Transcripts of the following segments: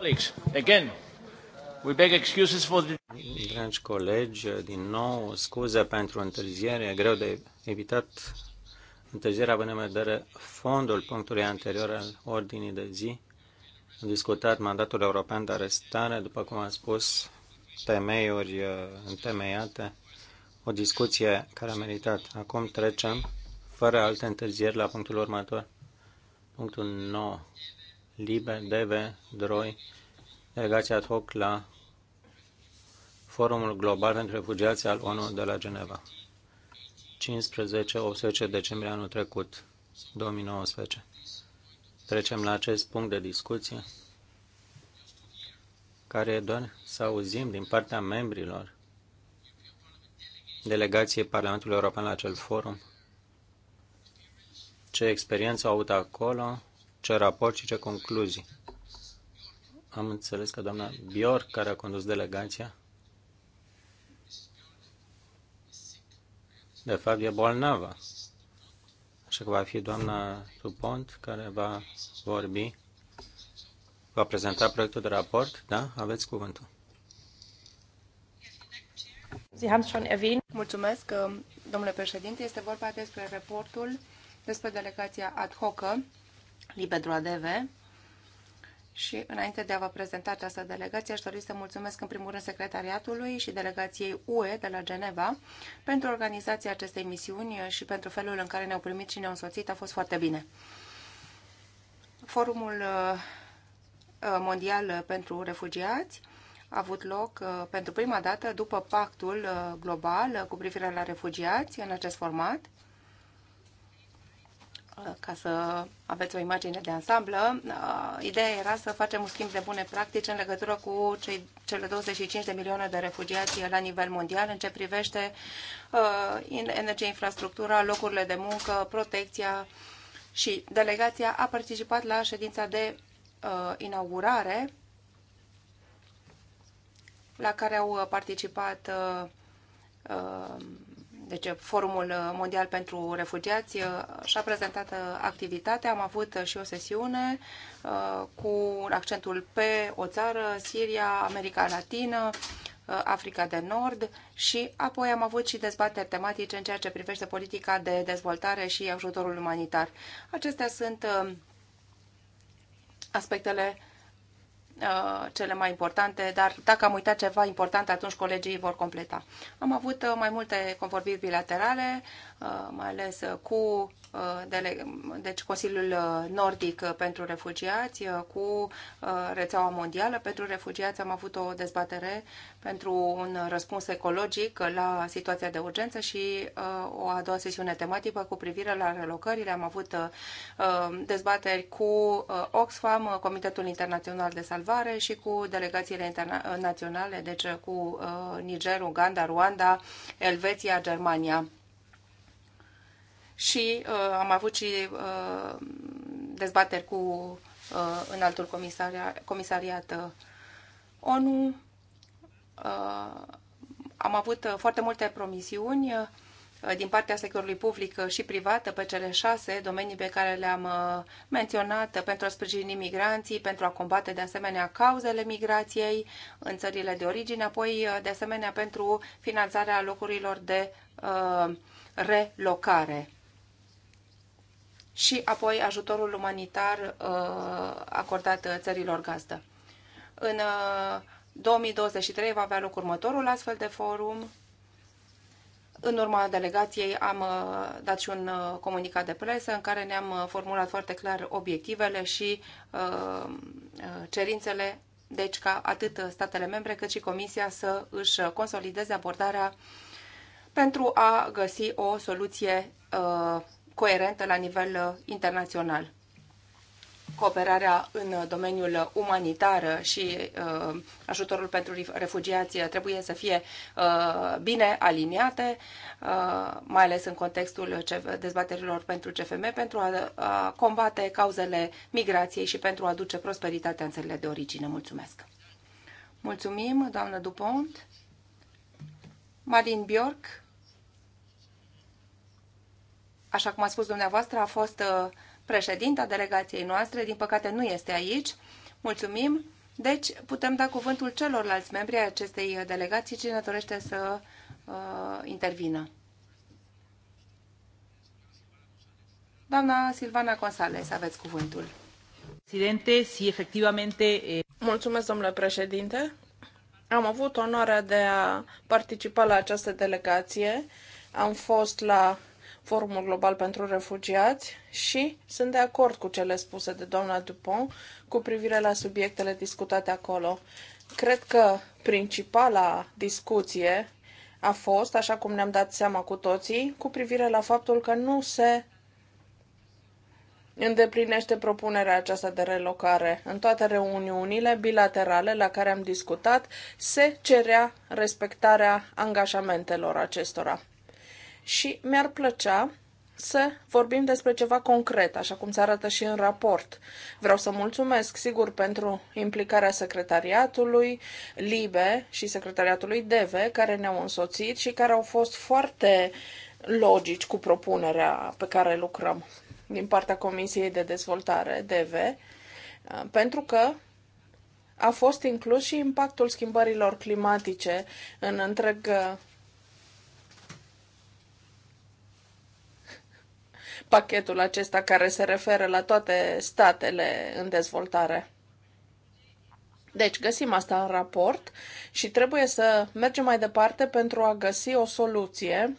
Colleagues, again, we beg excuses for the... Dragi colegi, din nou scuze pentru întârziere, e greu de evitat întârzierea având în vedere fondul punctului anterior al ordinii de zi. Am discutat mandatul european de arestare, după cum am spus, temeiuri uh, întemeiate, o discuție care a meritat. Acum trecem, fără alte întârzieri, la punctul următor. Punctul 9. Libe, Deve, Droi, delegația ad hoc la Forumul Global pentru Refugiați al ONU de la Geneva. 15-18 decembrie anul trecut, 2019. Trecem la acest punct de discuție, care doar să auzim din partea membrilor delegației Parlamentului European la acel forum, ce experiență au avut acolo, ce raport și ce concluzii. Am înțeles că doamna Bior, care a condus delegația, de fapt e bolnavă. Așa că va fi doamna Tupont care va vorbi, va prezenta proiectul de raport. Da? Aveți cuvântul. Mulțumesc, domnule președinte. Este vorba despre raportul despre delegația ad hoc Libedroadv. Și înainte de a vă prezenta această delegație, aș dori să mulțumesc în primul rând secretariatului și delegației UE de la Geneva pentru organizația acestei misiuni și pentru felul în care ne-au primit și ne-au însoțit. A fost foarte bine. Forumul uh, uh, mondial pentru refugiați a avut loc uh, pentru prima dată după pactul global cu privire la refugiați în acest format ca să aveți o imagine de ansamblă, uh, ideea era să facem un schimb de bune practici în legătură cu cei, cele 25 de milioane de refugiați la nivel mondial în ce privește uh, energie, infrastructura, locurile de muncă, protecția și delegația a participat la ședința de uh, inaugurare la care au participat deci Forumul Mondial pentru Refugiați uh, și-a prezentat uh, activitatea. Am avut uh, și o sesiune cu accentul pe o țară, Siria, America Latină, Africa de Nord și apoi am avut și dezbateri tematice în ceea ce privește politica de dezvoltare și ajutorul umanitar. Acestea sunt aspectele Uh, cele mai importante, dar dacă am uitat ceva important, atunci colegii vor completa. Am avut uh, mai multe convorbiri bilaterale, uh, mai ales cu deci Consiliul Nordic pentru Refugiați, cu Rețeaua Mondială pentru Refugiați. Am avut o dezbatere pentru un răspuns ecologic la situația de urgență și o a doua sesiune tematică cu privire la relocările. Am avut dezbateri cu Oxfam, Comitetul Internațional de Salvare, Salvare și cu delegațiile naționale, deci uh, cu uh, Niger, Uganda, Rwanda, Elveția, Germania. Și uh, am avut și uh, dezbateri cu uh, înaltul comisariat, comisariat uh, ONU. Uh, am avut uh, foarte multe promisiuni. Uh, Uh, din partea sectorului public uh, și privat pe cele șase domenii pe care le-am uh, menționat pentru a sprijini migranții, pentru a combate de asemenea cauzele migrației în țările de origine, apoi de asemenea pentru finanțarea locurilor de uh, relocare și apoi ajutorul umanitar uh, acordat țărilor gazdă. În uh, 2023 va avea loc următorul astfel de forum în urma delegației am uh, dat și un uh, comunicat de presă în care ne-am uh, formulat foarte clar obiectivele și cerințele, deci ca atât statele membre cât și Comisia să își consolideze abordarea pentru a găsi o soluție coerentă la nivel internațional cooperarea în domeniul umanitar și uh, ajutorul pentru refugiați trebuie să fie uh, bine aliniate, uh, mai ales în contextul dezbaterilor pentru CFM, pentru a combate cauzele migrației și pentru a aduce prosperitatea în țările de origine. Mulțumesc! Mulțumim, doamnă Dupont. Marin Bjork, așa cum a spus dumneavoastră, a fost uh, președinta delegației noastre, din păcate nu este aici. Mulțumim! Deci putem da cuvântul celorlalți membri ai acestei delegații, cine dorește să uh, intervină. Doamna Silvana González, aveți cuvântul. Presidente, si efectivamente... Eh, Mulțumesc, domnule președinte. Am avut onoarea de a participa la această delegație. Am fost la Forumul Global pentru Refugiați și sunt de acord cu cele spuse de doamna Dupont cu privire la subiectele discutate acolo. Cred că principala discuție a fost, așa cum ne-am dat seama cu toții, cu privire la faptul că nu se îndeplinește propunerea aceasta de relocare. În toate reuniunile bilaterale la care am discutat, se cerea respectarea angajamentelor acestora și mi-ar plăcea să vorbim despre ceva concret, așa cum se arată și în raport. Vreau să mulțumesc, sigur, pentru implicarea secretariatului LIBE și secretariatului DEVE, care ne-au însoțit și care au fost foarte logici cu propunerea pe care lucrăm din partea Comisiei de Dezvoltare DEVE, pentru că a fost inclus și impactul schimbărilor climatice în întreg pachetul acesta care se referă la toate statele în dezvoltare. Deci găsim asta în raport și trebuie să mergem mai departe pentru a găsi o soluție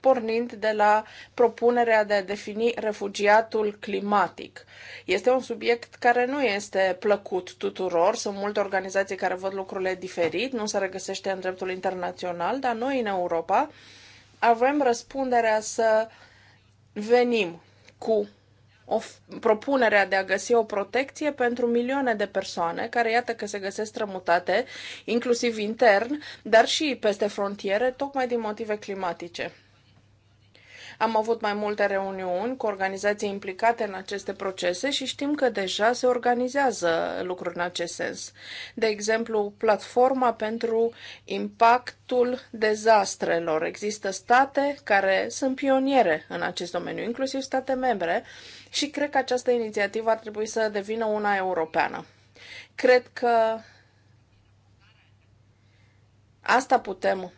pornind de la propunerea de a defini refugiatul climatic. Este un subiect care nu este plăcut tuturor, sunt multe organizații care văd lucrurile diferit, nu se regăsește în dreptul internațional, dar noi în Europa avem răspunderea să uh, venim cu o propunerea de a găsi o protecție pentru milioane de persoane care iată că se găsesc strămutate, inclusiv intern, dar și peste frontiere, tocmai din motive climatice. Am avut mai multe reuniuni cu organizații implicate în aceste procese și știm că deja se organizează lucruri în acest sens. De exemplu, platforma pentru impactul dezastrelor. Există state care sunt pioniere în acest domeniu, inclusiv state membre, și cred că această inițiativă ar trebui să devină una europeană. Cred că Asta putem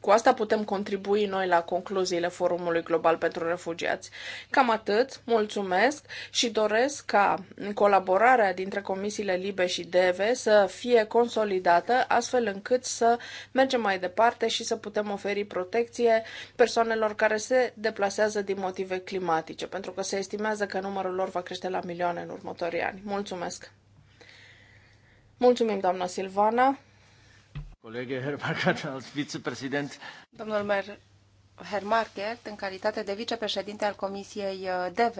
cu asta putem contribui noi la concluziile Forumului Global pentru Refugiați. Cam atât, mulțumesc și doresc ca colaborarea dintre comisiile LIBE și DEVE să fie consolidată astfel încât să mergem mai departe și să putem oferi protecție persoanelor care se deplasează din motive climatice, pentru că se estimează că numărul lor va crește la milioane în următorii ani. Mulțumesc! Mulțumim, doamna Silvana! Colege Hermarkert, al vicepreședinte. Domnul Mer Markert, în calitate de vicepreședinte al Comisiei uh, DV,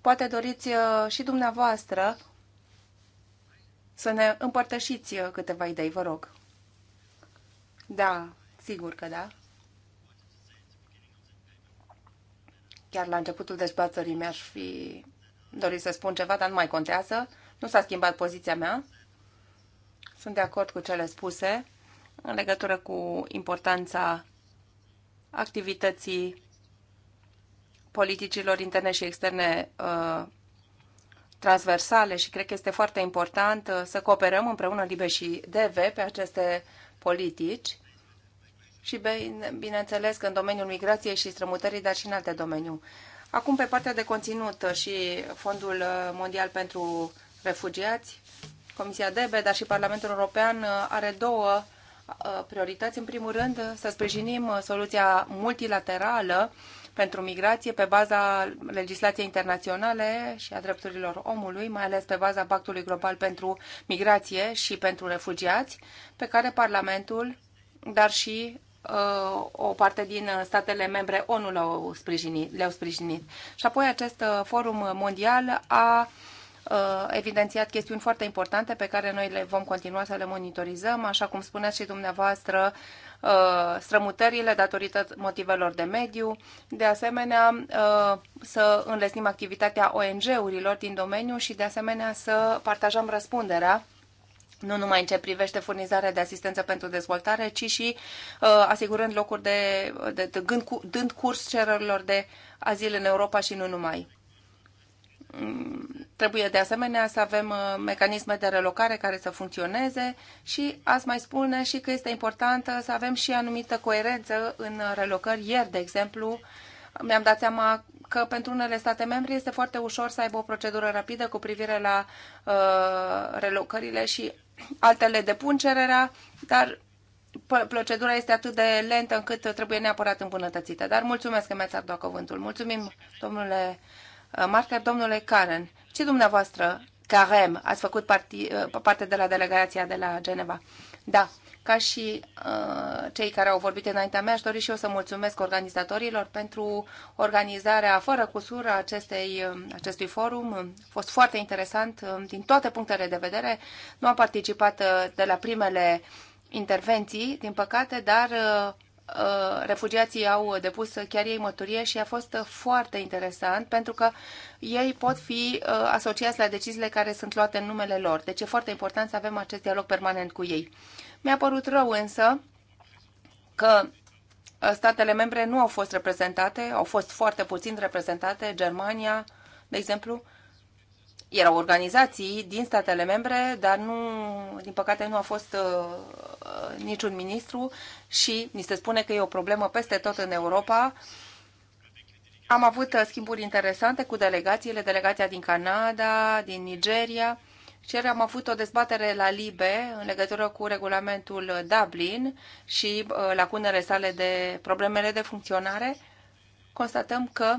poate doriți uh, și dumneavoastră să ne împărtășiți uh, câteva idei, vă rog. Da, sigur că da. Chiar la începutul dezbatării mi-aș fi dorit să spun ceva, dar nu mai contează. Nu s-a schimbat poziția mea. Sunt de acord cu cele spuse în legătură cu importanța activității politicilor interne și externe uh, transversale și cred că este foarte important uh, să cooperăm împreună LIBE și DV pe aceste politici și bine, bineînțeles că în domeniul migrației și strămutării, dar și în alte domeniu. Acum pe partea de conținut uh, și Fondul Mondial pentru Refugiați, Comisia DB, dar și Parlamentul European are două Uh, priorități. În primul rând, uh, să sprijinim uh, soluția multilaterală pentru migrație pe baza legislației internaționale și a drepturilor omului, mai ales pe baza Pactului Global pentru Migrație și pentru Refugiați, pe care Parlamentul, dar și uh, o parte din statele membre ONU le-au sprijinit, le sprijinit. Și apoi acest forum mondial a uh, Uh, evidențiat chestiuni foarte importante pe care noi le vom continua să le monitorizăm, așa cum spuneați și dumneavoastră, uh, strămutările datorită motivelor de mediu, de asemenea uh, să înlesnim activitatea ONG-urilor din domeniu și de asemenea să partajăm răspunderea nu numai în ce privește furnizarea de asistență pentru dezvoltare, ci și uh, asigurând locuri de, de, de de dând curs cererilor de azil în Europa și nu numai. Trebuie de asemenea să avem uh, mecanisme de relocare care să funcționeze și ați mai spune și că este important să avem și anumită coerență în relocări. Ieri, de exemplu, mi-am dat seama că pentru unele state membre este foarte ușor să aibă o procedură rapidă cu privire la uh, relocările și altele depun cererea, dar procedura este atât de lentă încât trebuie neapărat îmbunătățită. Dar mulțumesc că mi-ați dat cuvântul. Mulțumim, domnule Uh, Marker, domnule Karen, ce dumneavoastră, Carem, ați făcut parti, uh, parte de la delegația de la Geneva? Da, ca și uh, cei care au vorbit înaintea mea, aș dori și eu să mulțumesc organizatorilor pentru organizarea fără cusură acestei, uh, acestui forum. A fost foarte interesant din toate punctele de vedere. Nu am participat de la primele intervenții, din păcate, dar uh, Uh, refugiații au depus chiar ei mărturie și a fost foarte interesant pentru că ei pot fi uh, asociați la deciziile care sunt luate în numele lor. Deci e foarte important să avem acest dialog permanent cu ei. Mi-a părut rău însă că uh, statele membre nu au fost reprezentate, au fost foarte puțin reprezentate, Germania, de exemplu, erau organizații din statele membre, dar nu, din păcate nu a fost uh, uh, niciun ministru și ni se spune că e o problemă peste tot în Europa. Am avut uh, schimburi interesante cu delegațiile, delegația din Canada, din Nigeria și am avut o dezbatere la Libe în legătură cu regulamentul Dublin și uh, lacunele sale de problemele de funcționare. Constatăm că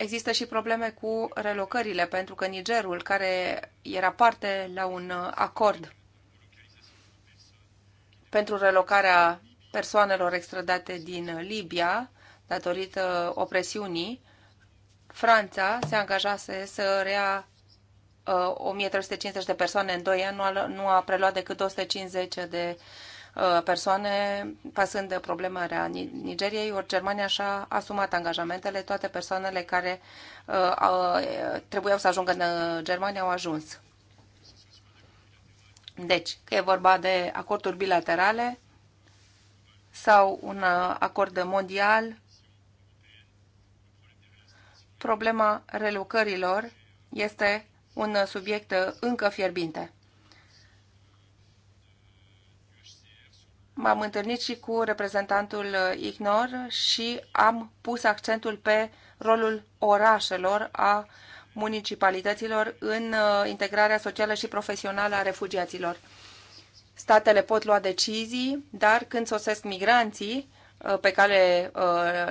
există și probleme cu relocările, pentru că Nigerul, care era parte la un acord pentru relocarea persoanelor extradate din Libia, datorită opresiunii, Franța se angajase să rea 1350 uh, de persoane în 2 ani, nu a, preluat decât 250 de Uh, persoane, pasând de problema rea Nigeriei, ori Germania și-a asumat angajamentele, toate persoanele care uh, uh, trebuiau să ajungă în Germania au ajuns. Deci, că e vorba de acorduri bilaterale sau un acord mondial, problema relocărilor este un subiect încă fierbinte. m-am întâlnit și cu reprezentantul uh, IGNOR și am pus accentul pe rolul orașelor a municipalităților în uh, integrarea socială și profesională a refugiaților. Statele pot lua decizii, dar când sosesc migranții, uh, pe cale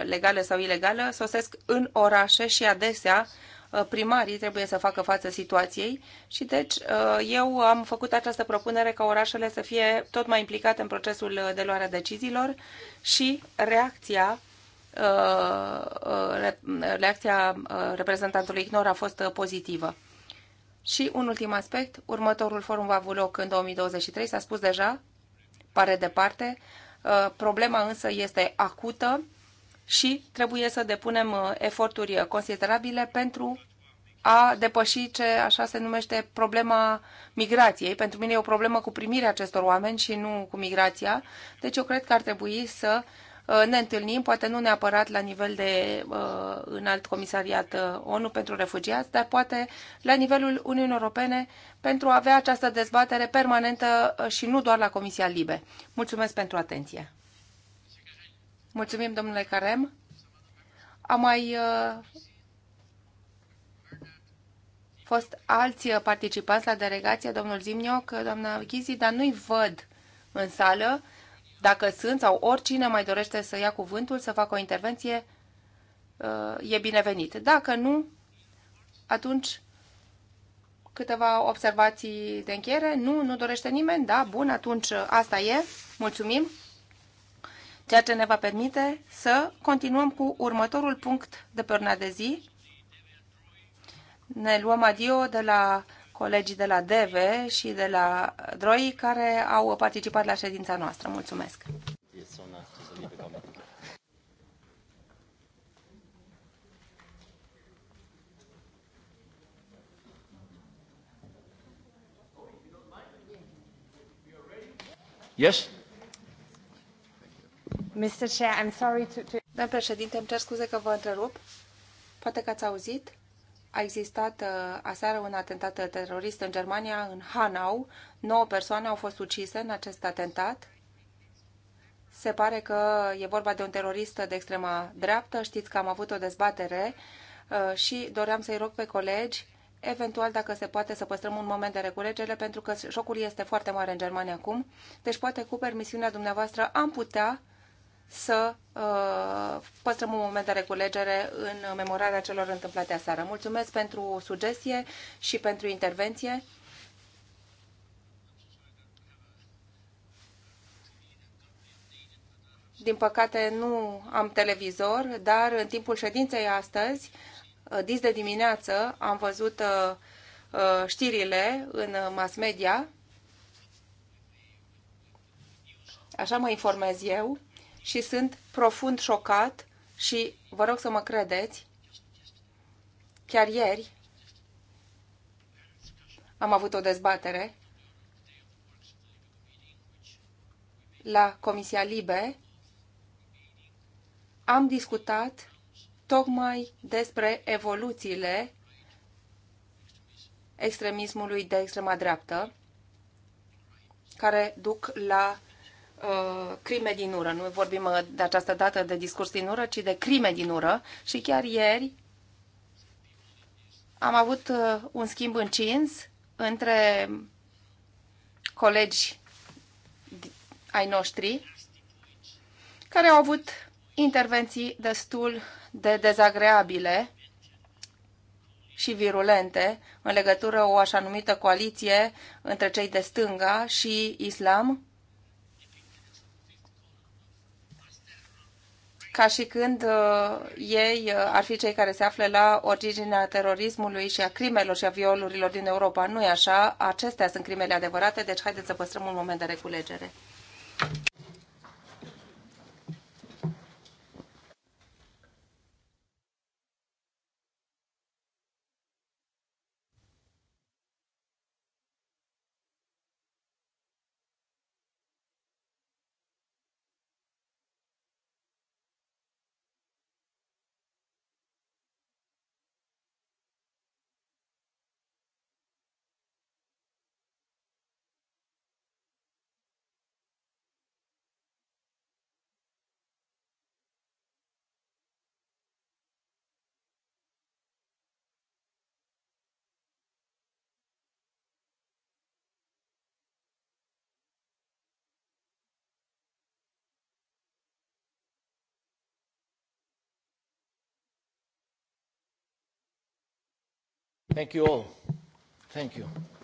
legală sau ilegală, sosesc în orașe și adesea Uh, primarii trebuie să facă față situației și deci uh, eu am făcut această propunere ca orașele să fie tot mai implicate în procesul de luare a deciziilor și reacția uh, reacția reprezentantului IGNOR a fost pozitivă. Și un ultim aspect, următorul forum va avea loc în 2023, s-a spus deja, pare departe, problema însă este acută, și trebuie să depunem uh, eforturi considerabile pentru a depăși ce așa se numește problema migrației. Pentru mine e o problemă cu primirea acestor oameni și nu cu migrația. Deci eu cred că ar trebui să uh, ne întâlnim, poate nu neapărat la nivel de uh, înalt comisariat uh, ONU pentru refugiați, dar poate la nivelul Uniunii Europene pentru a avea această dezbatere permanentă și nu doar la Comisia Libe. Mulțumesc pentru atenție! Mulțumim, domnule Carem. A mai uh, fost alți participanți la delegație, domnul Zimnioc, doamna Ghizi, dar nu-i văd în sală. Dacă sunt sau oricine mai dorește să ia cuvântul, să facă o intervenție, uh, e binevenit. Dacă nu, atunci câteva observații de încheiere? Nu, nu dorește nimeni? Da, bun, atunci asta e. Mulțumim! ceea ce ne va permite să continuăm cu următorul punct de pe urna de zi. Ne luăm adio de la colegii de la DEVE și de la DROI care au participat la ședința noastră. Mulțumesc! Yes? Domnule președinte, îmi cer scuze că vă întrerup. Poate că ați auzit. A existat uh, aseară un atentat terorist în Germania, în Hanau. 9 persoane au fost ucise în acest atentat. Se pare că e vorba de un terorist de extrema dreaptă. Știți că am avut o dezbatere uh, și doream să-i rog pe colegi eventual dacă se poate să păstrăm un moment de reculegere, pentru că șocul este foarte mare în Germania acum. Deci poate cu permisiunea dumneavoastră am putea să uh, păstrăm un moment de reculegere în memorarea celor întâmplate aseară. Mulțumesc pentru sugestie și pentru intervenție. Din păcate nu am televizor, dar în timpul ședinței astăzi, uh, dis de dimineață, am văzut uh, știrile în mass media. Așa mă informez eu și sunt profund șocat și vă rog să mă credeți, chiar ieri am avut o dezbatere la Comisia Libe, am discutat tocmai despre evoluțiile extremismului de extrema dreaptă, care duc la Uh, crime din ură. Nu vorbim uh, de această dată de discurs din ură, ci de crime din ură. Și chiar ieri am avut uh, un schimb încins între colegi ai noștri care au avut intervenții destul de dezagreabile și virulente în legătură o așa numită coaliție între cei de stânga și islam ca și când uh, ei uh, ar fi cei care se află la originea terorismului și a crimelor și a violurilor din Europa. Nu e așa, acestea sunt crimele adevărate, deci haideți să păstrăm un moment de reculegere. thank you all thank you.